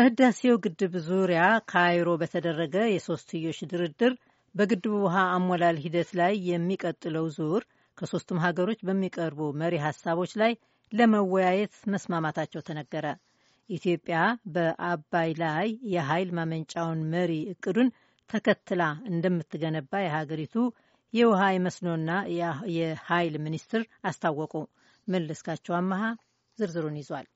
በህዳሴው ግድብ ዙሪያ ካይሮ በተደረገ የሶስትዮሽ ድርድር በግድቡ ውሃ አሞላል ሂደት ላይ የሚቀጥለው ዙር ከሶስቱም ሀገሮች በሚቀርቡ መሪ ሀሳቦች ላይ ለመወያየት መስማማታቸው ተነገረ። ኢትዮጵያ በአባይ ላይ የኃይል ማመንጫውን መሪ እቅዱን ተከትላ እንደምትገነባ የሀገሪቱ የውሃ የመስኖና የኃይል ሚኒስትር አስታወቁ። መለስካቸው አመሃ ዝርዝሩን ይዟል።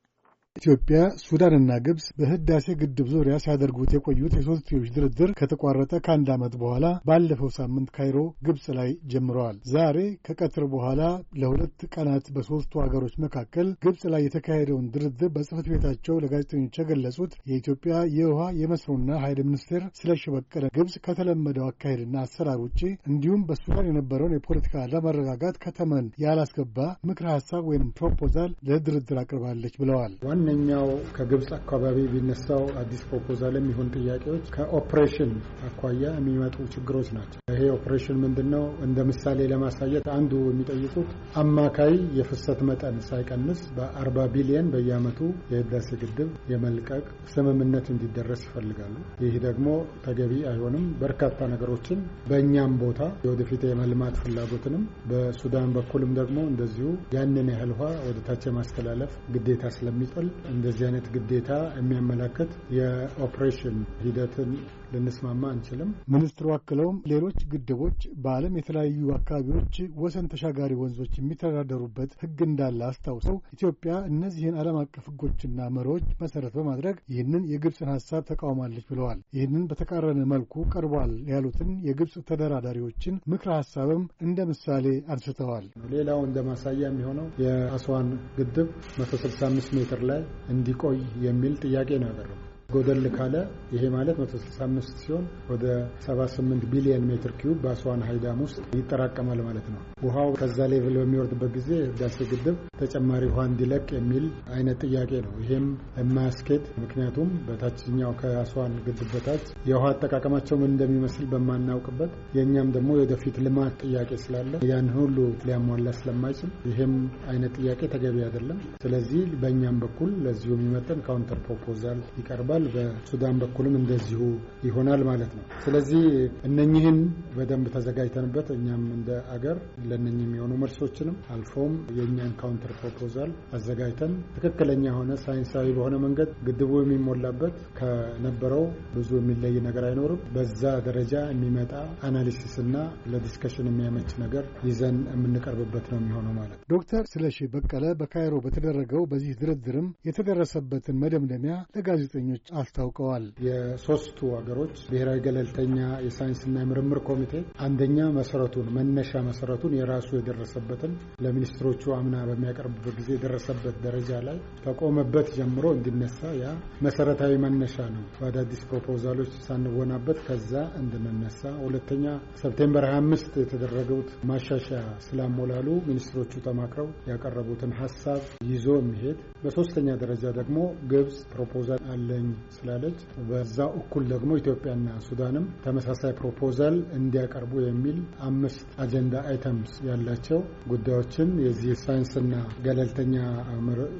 ኢትዮጵያ፣ ሱዳንና ግብፅ በህዳሴ ግድብ ዙሪያ ሲያደርጉት የቆዩት የሶስትዮሽ ድርድር ከተቋረጠ ከአንድ ዓመት በኋላ ባለፈው ሳምንት ካይሮ ግብፅ ላይ ጀምረዋል። ዛሬ ከቀትር በኋላ ለሁለት ቀናት በሦስቱ አገሮች መካከል ግብፅ ላይ የተካሄደውን ድርድር በጽህፈት ቤታቸው ለጋዜጠኞች የገለጹት የኢትዮጵያ የውሃ የመስኖና ኃይል ሚኒስቴር ስለሺ በቀለ ግብፅ ከተለመደው አካሄድና አሰራር ውጭ እንዲሁም በሱዳን የነበረውን የፖለቲካ ለመረጋጋት ከተመን ያላስገባ ምክረ ሀሳብ ወይም ፕሮፖዛል ለድርድር አቅርባለች ብለዋል። ዋነኛው ከግብፅ አካባቢ ቢነሳው አዲስ ፕሮፖዛል የሚሆን ጥያቄዎች ከኦፕሬሽን አኳያ የሚመጡ ችግሮች ናቸው። ይሄ ኦፕሬሽን ምንድን ነው? እንደ ምሳሌ ለማሳየት አንዱ የሚጠይቁት አማካይ የፍሰት መጠን ሳይቀንስ በአርባ ቢሊየን በየአመቱ የህዳሴ ግድብ የመልቀቅ ስምምነት እንዲደረስ ይፈልጋሉ። ይህ ደግሞ ተገቢ አይሆንም። በርካታ ነገሮችን በእኛም ቦታ የወደፊት የመልማት ፍላጎትንም በሱዳን በኩልም ደግሞ እንደዚሁ ያንን ያህል ውሃ ወደ ታች የማስተላለፍ ግዴታ ስለሚጥል እንደዚህ አይነት ግዴታ የሚያመላክት የኦፕሬሽን ሂደትን ልንስማማ አንችልም። ሚኒስትሩ አክለውም ሌሎች ግድቦች በዓለም የተለያዩ አካባቢዎች ወሰን ተሻጋሪ ወንዞች የሚተዳደሩበት ሕግ እንዳለ አስታውሰው ኢትዮጵያ እነዚህን ዓለም አቀፍ ሕጎችና መሪዎች መሰረት በማድረግ ይህንን የግብፅን ሀሳብ ተቃውማለች ብለዋል። ይህንን በተቃረነ መልኩ ቀርቧል ያሉትን የግብፅ ተደራዳሪዎችን ምክረ ሀሳብም እንደ ምሳሌ አንስተዋል። ሌላው እንደ ማሳያ የሚሆነው የአስዋን ግድብ 165 ሜትር ላይ እንዲቆይ የሚል ጥያቄ ነው ያቀረቡት። ጎደል ካለ ይሄ ማለት 165 ሲሆን ወደ 78 ቢሊዮን ሜትር ኪዩብ በአስዋን ሀይዳም ውስጥ ይጠራቀማል ማለት ነው። ውሃው ከዛ ሌቭል በሚወርድበት ጊዜ ህዳሴ ግድብ ተጨማሪ ውሃ እንዲለቅ የሚል አይነት ጥያቄ ነው። ይሄም የማያስኬድ ምክንያቱም በታችኛው ከአስዋን ግድብ በታች የውሃ አጠቃቀማቸው ምን እንደሚመስል በማናውቅበት የእኛም ደግሞ የወደፊት ልማት ጥያቄ ስላለ ያን ሁሉ ሊያሟላ ስለማይችል ይሄም አይነት ጥያቄ ተገቢ አይደለም። ስለዚህ በእኛም በኩል ለዚሁ የሚመጠን ካውንተር ፕሮፖዛል ይቀርባል። ይሆናል። በሱዳን በኩልም እንደዚሁ ይሆናል ማለት ነው። ስለዚህ እነኚህን በደንብ ተዘጋጅተንበት እኛም እንደ አገር ለእነኚህ የሚሆኑ መልሶችንም አልፎም የእኛን ካውንተር ፕሮፖዛል አዘጋጅተን ትክክለኛ የሆነ ሳይንሳዊ በሆነ መንገድ ግድቡ የሚሞላበት ከነበረው ብዙ የሚለይ ነገር አይኖርም። በዛ ደረጃ የሚመጣ አናሊሲስ እና ለዲስከሽን የሚያመች ነገር ይዘን የምንቀርብበት ነው የሚሆነው ማለት ነው። ዶክተር ስለሺ በቀለ በካይሮ በተደረገው በዚህ ድርድርም የተደረሰበትን መደምደሚያ ለጋዜጠኞች አስታውቀዋል። የሶስቱ ሀገሮች ብሔራዊ ገለልተኛ የሳይንስና የምርምር ኮሚቴ አንደኛ መሰረቱን መነሻ መሰረቱን የራሱ የደረሰበትን ለሚኒስትሮቹ አምና በሚያቀርብበት ጊዜ የደረሰበት ደረጃ ላይ ከቆመበት ጀምሮ እንዲነሳ ያ መሰረታዊ መነሻ ነው። በአዳዲስ ፕሮፖዛሎች ሳንወናበት ከዛ እንድንነሳ። ሁለተኛ ሰፕቴምበር 25 የተደረገውት ማሻሻያ ስላሞላሉ ሚኒስትሮቹ ተማክረው ያቀረቡትን ሀሳብ ይዞ የሚሄድ በሶስተኛ ደረጃ ደግሞ ግብጽ ፕሮፖዛል አለኝ ስላለች በዛ እኩል ደግሞ ኢትዮጵያና ሱዳንም ተመሳሳይ ፕሮፖዛል እንዲያቀርቡ የሚል አምስት አጀንዳ አይተምስ ያላቸው ጉዳዮችን የዚህ ሳይንስና ገለልተኛ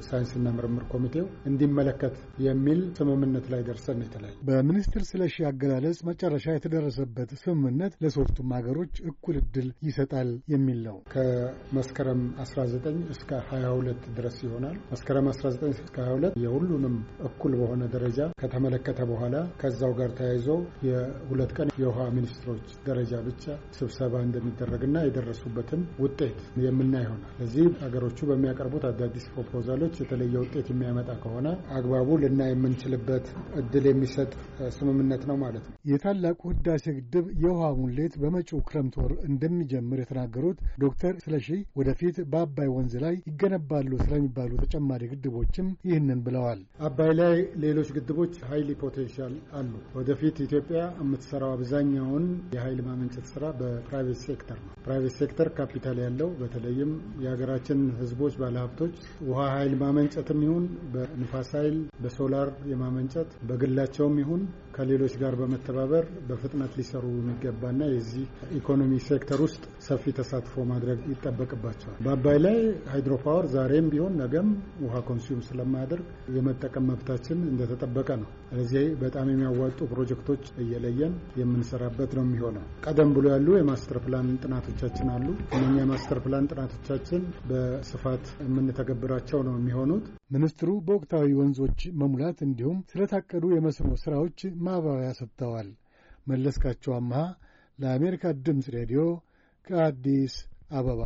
ሳይንስና ምርምር ኮሚቴው እንዲመለከት የሚል ስምምነት ላይ ደርሰን የተለያዩ በሚኒስትር ስለሺ አገላለጽ መጨረሻ የተደረሰበት ስምምነት ለሶስቱም ሀገሮች እኩል እድል ይሰጣል የሚል ነው። ከመስከረም 19 እስከ 22 ድረስ ይሆናል። መስከረም 19 እስከ 22 የሁሉንም እኩል በሆነ ደረጃ ከተመለከተ በኋላ ከዛው ጋር ተያይዞ የሁለት ቀን የውሃ ሚኒስትሮች ደረጃ ብቻ ስብሰባ እንደሚደረግና የደረሱበትን ውጤት የምና ይሆናል። ለዚህ ሀገሮቹ በሚያቀርቡት አዳዲስ ፕሮፖዛሎች የተለየ ውጤት የሚያመጣ ከሆነ አግባቡ ልናይ የምንችልበት እድል የሚሰጥ ስምምነት ነው ማለት ነው። የታላቁ ህዳሴ ግድብ የውሃ ሙሌት በመጪው ክረምት ወር እንደሚጀምር የተናገሩት ዶክተር ስለሺ ወደፊት በአባይ ወንዝ ላይ ይገነባሉ ስለሚባሉ ተጨማሪ ግድቦችም ይህንን ብለዋል። አባይ ላይ ሌሎች ግድቦ ግድቦች ሀይሊ ፖቴንሻል አሉ። ወደፊት ኢትዮጵያ የምትሰራው አብዛኛውን የሀይል ማመንጨት ስራ በፕራይቬት ሴክተር ነው። ፕራይቬት ሴክተር ካፒታል ያለው በተለይም የሀገራችን ህዝቦች፣ ባለሀብቶች ውሃ ሀይል ማመንጨትም ይሁን በንፋስ ሀይል በሶላር የማመንጨት በግላቸውም ይሁን ከሌሎች ጋር በመተባበር በፍጥነት ሊሰሩ የሚገባና የዚህ ኢኮኖሚ ሴክተር ውስጥ ሰፊ ተሳትፎ ማድረግ ይጠበቅባቸዋል። በአባይ ላይ ሃይድሮፓወር ዛሬም ቢሆን ነገም ውሃ ኮንሱም ስለማያደርግ የመጠቀም መብታችን እንደተጠበቀ የተጠበቀ ነው። እዚህ በጣም የሚያዋጡ ፕሮጀክቶች እየለየን የምንሰራበት ነው የሚሆነው። ቀደም ብሎ ያሉ የማስተር ፕላን ጥናቶቻችን አሉ። እነኛ የማስተር ፕላን ጥናቶቻችን በስፋት የምንተገብራቸው ነው የሚሆኑት። ሚኒስትሩ በወቅታዊ ወንዞች መሙላት እንዲሁም ስለታቀዱ የመስኖ ስራዎች ማብራሪያ ሰጥተዋል። መለስካቸው አምሃ ለአሜሪካ ድምፅ ሬዲዮ ከአዲስ አበባ